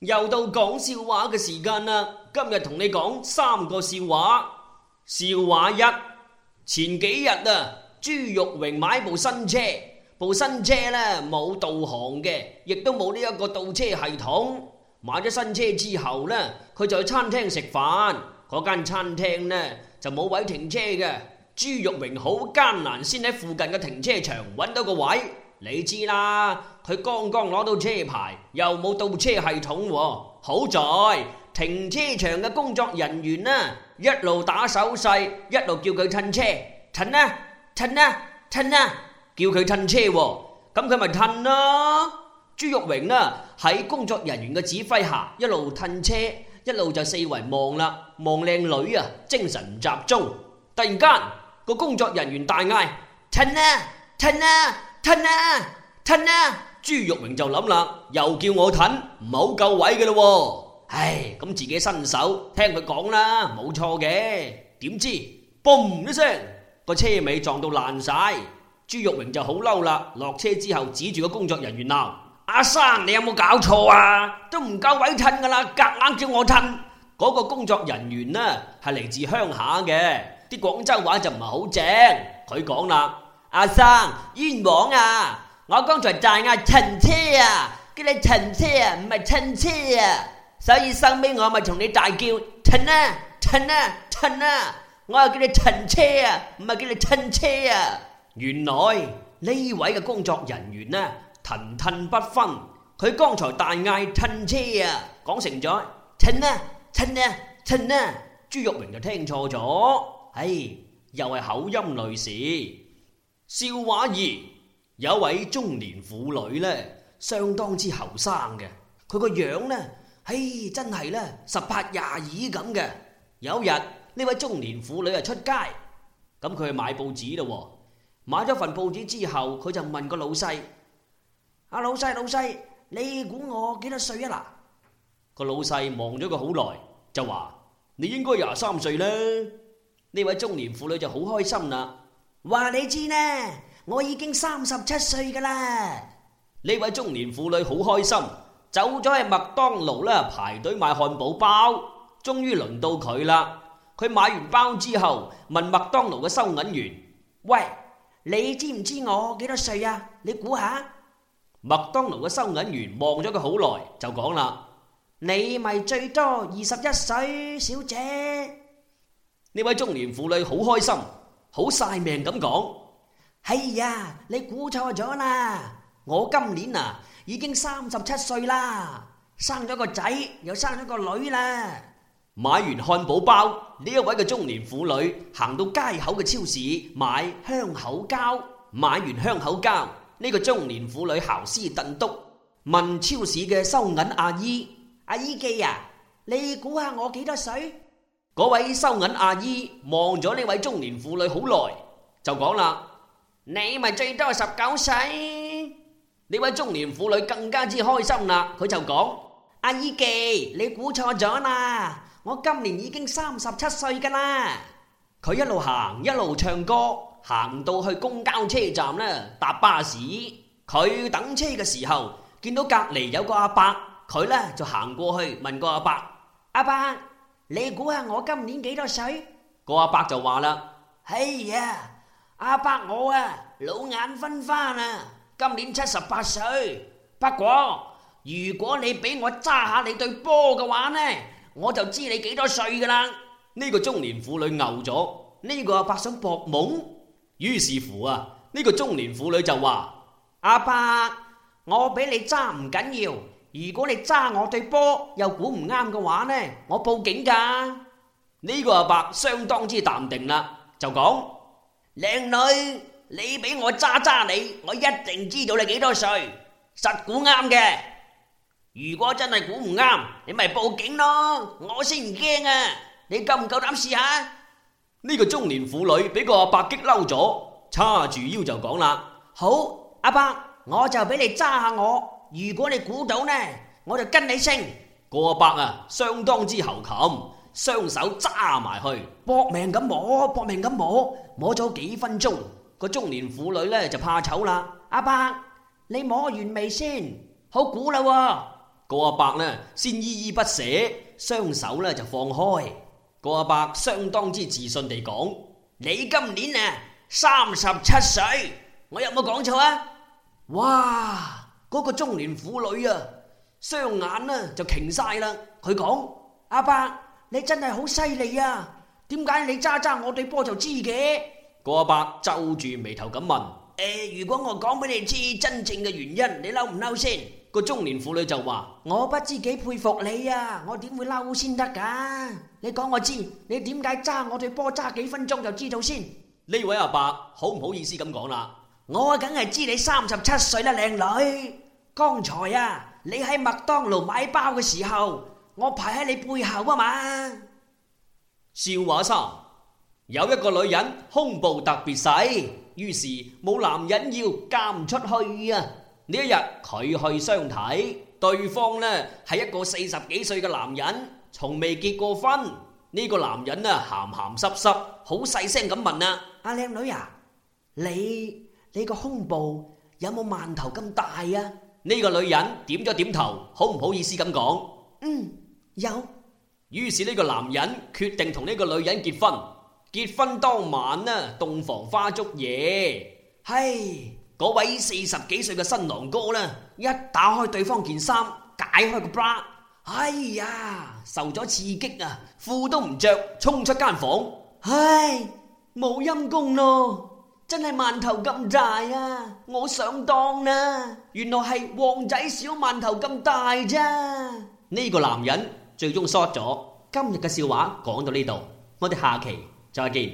又到講笑話嘅時間啦！今日同你講三個笑話。笑話一：前幾日啊，朱玉榮買部新車，部新車呢冇導航嘅，亦都冇呢一個倒車系統。買咗新車之後呢，佢就去餐廳食飯。嗰間餐廳呢就冇位停車嘅，朱玉榮好艱難先喺附近嘅停車場揾到個位。你知啦，佢剛剛攞到車牌，又冇倒車系統，好在停車場嘅工作人員呢，一路打手勢，一路叫佢褪車，褪啊，褪啊，褪啊，叫佢褪車，咁佢咪褪啦。朱玉榮呢，喺工作人員嘅指揮下，一路褪車，一路就四圍望啦，望靚女啊，精神集中。突然間個工作人員大嗌：褪啊，褪啊！吞啦，吞啦、啊！啊，朱玉榮就諗啦，又叫我吞，唔好夠位嘅咯。唉，咁自己伸手聽佢講啦，冇錯嘅。點知，嘣一聲，個車尾撞到爛晒。朱玉榮就好嬲啦，落車之後指住個工作人員鬧：阿生，你有冇搞錯啊？都唔夠位褪噶啦，夾硬叫我褪。嗰個工作人員呢，係嚟自鄉下嘅，啲廣州話就唔係好正。佢講啦。阿生，冤枉啊！我剛才大嗌停車啊，叫你停車啊，唔係停車啊，所以收尾我咪同你大叫停啊，停啊，停啊！我又叫你停車啊，唔係叫你停車啊！原來呢位嘅工作人員呢，停停不分，佢剛才大嗌停車啊，講成咗停啊，停啊，停啊！朱玉榮就聽錯咗，唉、哎，又係口音類似。笑話二，有一位中年婦女呢，相當之後生嘅，佢個樣呢，唉，真係呢，十八廿二咁嘅。有日呢位中年婦女啊出街，咁佢去買報紙啦，買咗份報紙之後，佢就問個老細：啊老細老細，你估我幾多歲啊嗱？個老細望咗佢好耐，就話：你應該廿三歲啦。呢位中年婦女就好開心啦。話你知呢？我已經三十七歲㗎喇！呢位中年婦女好開心，走咗去麥當勞啦，排隊買漢堡包。終於輪到佢啦！佢買完包之後，問麥當勞嘅收銀員：「喂，你知唔知我幾多歲啊？你估下？麥當勞嘅收銀員望咗佢好耐，就講啦：「你咪最多二十一歲，小姐。呢位中年婦女好開心。好晒命咁講，係呀！你估錯咗啦！我今年啊已經三十七歲啦，生咗個仔，又生咗個女啦。買完漢堡包，呢一位嘅中年婦女行到街口嘅超市買香口膠。買完香口膠，呢個中年婦女姣絲頓篤問超市嘅收銀阿姨：阿姨記啊，你估下我幾多歲？嗰位收銀阿姨望咗呢位中年婦女好耐，就講啦：你咪最多十九歲。呢位中年婦女更加之開心啦，佢就講：阿姨記，你估錯咗啦，我今年已經三十七歲噶啦。佢一路行一路唱歌，行到去公交車站呢，搭巴士。佢等車嘅時候，見到隔籬有個阿伯，佢呢就行過去問個阿伯：阿伯。你估下我今年幾多歲？個阿伯就話啦：哎呀，阿伯我啊老眼昏花啊，今年七十八歲。不過如果你俾我揸下你對波嘅話呢，我就知你幾多歲噶啦。呢個中年婦女牛咗，呢個阿伯想博懵，於是乎啊，呢個中年婦女就話：阿伯，我俾你揸唔緊要。如果你揸我對波又估唔啱嘅話呢，我報警㗎。呢個阿伯相當之淡定啦，就講：靚女，你俾我揸揸你，我一定知道你幾多歲，實估啱嘅。如果真係估唔啱，你咪報警咯，我先唔驚啊！你夠唔夠膽試下？呢個中年婦女俾個阿伯激嬲咗，叉住腰就講啦：好，阿伯，我就俾你揸下我。如果你估到呢，我就跟你姓。個阿伯啊，相當之猴擒，雙手揸埋去，搏命咁摸，搏命咁摸，摸咗幾分鐘，個中年婦女呢就怕醜啦。阿伯，你摸完未先？好估啦，啊，個阿伯呢先依依不捨，雙手呢就放開。個阿伯相當之自信地講：你今年呀三十七歲，我有冇講錯啊？哇！嗰個中年婦女啊，雙眼呢就擎晒啦。佢講：阿伯，你真係好犀利啊！點解你揸揸我對波就知嘅？個阿伯皺住眉頭咁問：誒、欸，如果我講俾你知真正嘅原因，你嬲唔嬲先？個中年婦女就話：我不知幾佩服你啊！我點會嬲先得噶？你講我知，你點解揸我對波揸幾分鐘就知道先？呢位阿伯好唔好意思咁講啦？我梗係知你三十七歲啦，靚女。剛才啊，你喺麥當勞買包嘅時候，我排喺你背後啊嘛。笑話三，有一個女人胸部特別細，於是冇男人要，嫁唔出去啊。呢一日佢去相睇，對方呢係一個四十幾歲嘅男人，從未結過婚。呢個男人啊鹹鹹濕濕，好細聲咁問啊：阿靚女啊，你？你個胸部有冇饅頭咁大呀？呢個女人點咗點頭，好唔好意思咁講，嗯，有。於是呢個男人決定同呢個女人結婚。結婚當晚呢，洞房花燭夜，唉，嗰位四十幾歲嘅新郎哥呢，一打開對方件衫，解開個 bra，哎呀，受咗刺激啊，褲都唔着，衝出間房，唉，冇陰功咯。真係饅頭咁大啊！我上當啦，啊，原來係旺仔小饅頭咁大咋，啊？呢個男人最終 short 咗。今日嘅笑話講到呢度，我哋下期再見。